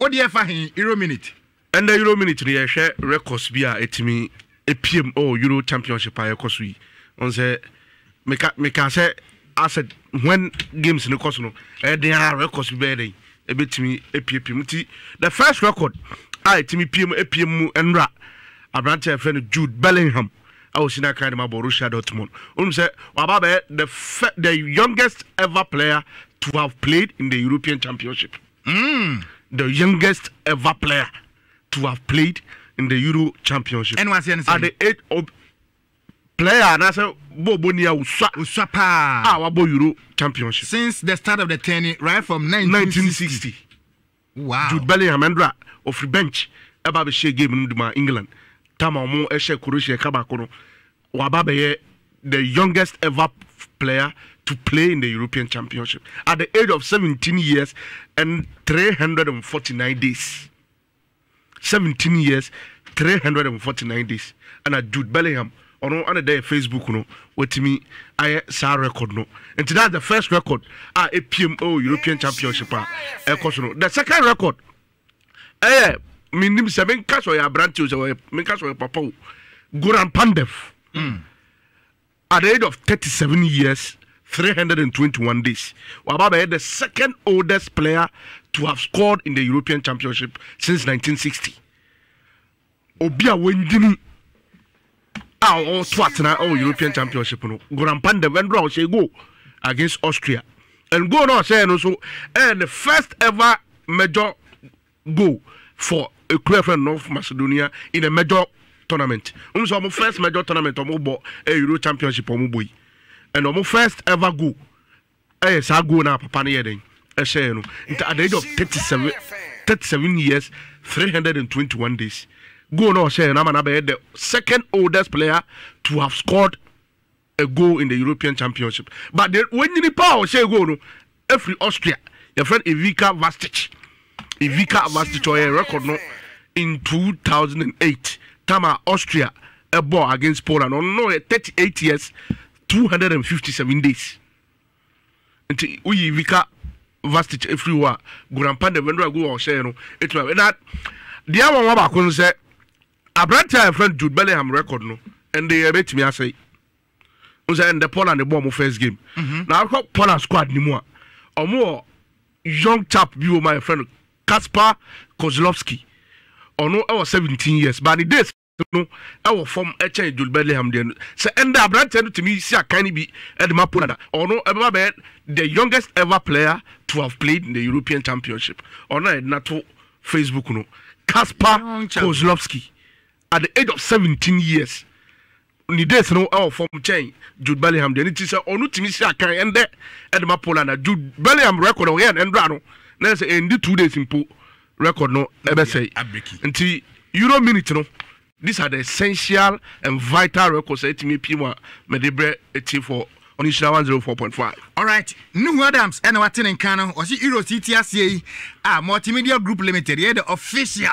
wode ɛfa he euro minute ɛnɛ euro minute no yɛhwɛ records bi a ɛtumi ɛpiem ɔ euro championship a yɛkɔ so yi ɔn sɛ meka sɛ asɛ when games no kɔ so no ɛden a records bi bɛyɛ dɛn ɛbɛtumi ɛpiepiem nti the first record ah, a ɛtumi piem ɛpiem mu ɛnora aberante a yɛfrɛ no jude bellingham a ɔsi no akra de ma bɔ russia dortmund ɔnum sɛ waba bɛyɛ the youngest ever player to have played in the european championship Mm. The youngest ever player to have played in the Euro Championship. NYC, At the age of player anaasɛ bɔɔbɔ ni a osua osua paa a wabɔ Euro Championship. Since the start of the tourney, right from 1960. 1960. Wow. Jude Bellingham off the bench ever bɛ hyɛ game no di England Tamamo a wɔn ɛhyɛ Croatia ɛka baako no the youngest ever player to play in the European Championship at the age of 17 years and 349 days. 17 years, 349 days. And at Jude Bellingham, on another day, Facebook, no, with me, I saw record, no. And today the first record, ah, APMO European Championship, ah, The second record, eh, minim seven cash or your branch, or your papa, Goran Pandev. Hmm. At the age of 37 years, 321 days. Wababa is the second oldest player to have scored in the European Championship since 1960. Obia Wendini. Ah, oh, swat na oh European Championship no. Goran Pandev and Brown say go against Austria. And go now say no so and the first ever major goal for a club from North Macedonia in a major tournament. Um so first major tournament um, bo a Euro Championship omo boy ɛna ɔmo first ever goal ɛyɛ eh, saa goal na papa no yɛ dɛn ɛhyɛ eh, no nti at the age of thirty seven thirty seven years three hundred and twenty one days goal na ɔhyɛ no ama na bɛyɛ the second oldest player to have scored a goal in the european championship but the wɔnyini pa a ɔhyɛ goal no ɛfiri austria yɛfrɛ no evika vastic evika vastic ɔyɛ record no in two thousand and eight tam a austria ɛbɔ eh, against poland ɔno no yɛ thirty eight years. 257 hundred and fifty seven days nti woyi vika vastich efiri hɔ a gurampa na mɛnura gu wɔ ɔhyɛn no etu a na deɛ wɔn wa baako no sɛ aberanteɛ a yɛfrɛ no jude bellingham record no ɛnde yɛbɛtumi asɛe nsɛ ɛnde paula ne bɔɔ mo first game mhm. na akɔ paula squad ne mu a ɔmo wɔ young chap bi wɔ mu a yɛfrɛ no kaspar kozlowski ɔno ɛwɔ seventeen years but ne days no ɛwɔ fam ɛkyɛn jules bethlehem deɛ no sɛ ɛnda aberanteɛ no tumi si akan no bi ɛde ma ponada ɔno ɛbɛba bɛyɛ the youngest ever player to have played in the european championship ɔno a yɛde nato facebook no kaspar kozlowski at the age of 17 years ne days no ɛwɔ fam kyɛn jude bellingham deɛ ne ti sɛ ɔno tumi si akan ɛndɛ ɛde ma pola na jude bellingham record a ɔyɛ no ɛndra no na ɛsɛ ɛndi two days mpo record no ɛbɛsɛe nti euro minute no these are the essential and vital records that me pima medibre t for on Ishira 104.5. All right, New Adams and Watin and Kano, or she Euro CTSA, ah, Multimedia Group Limited, yeah, the official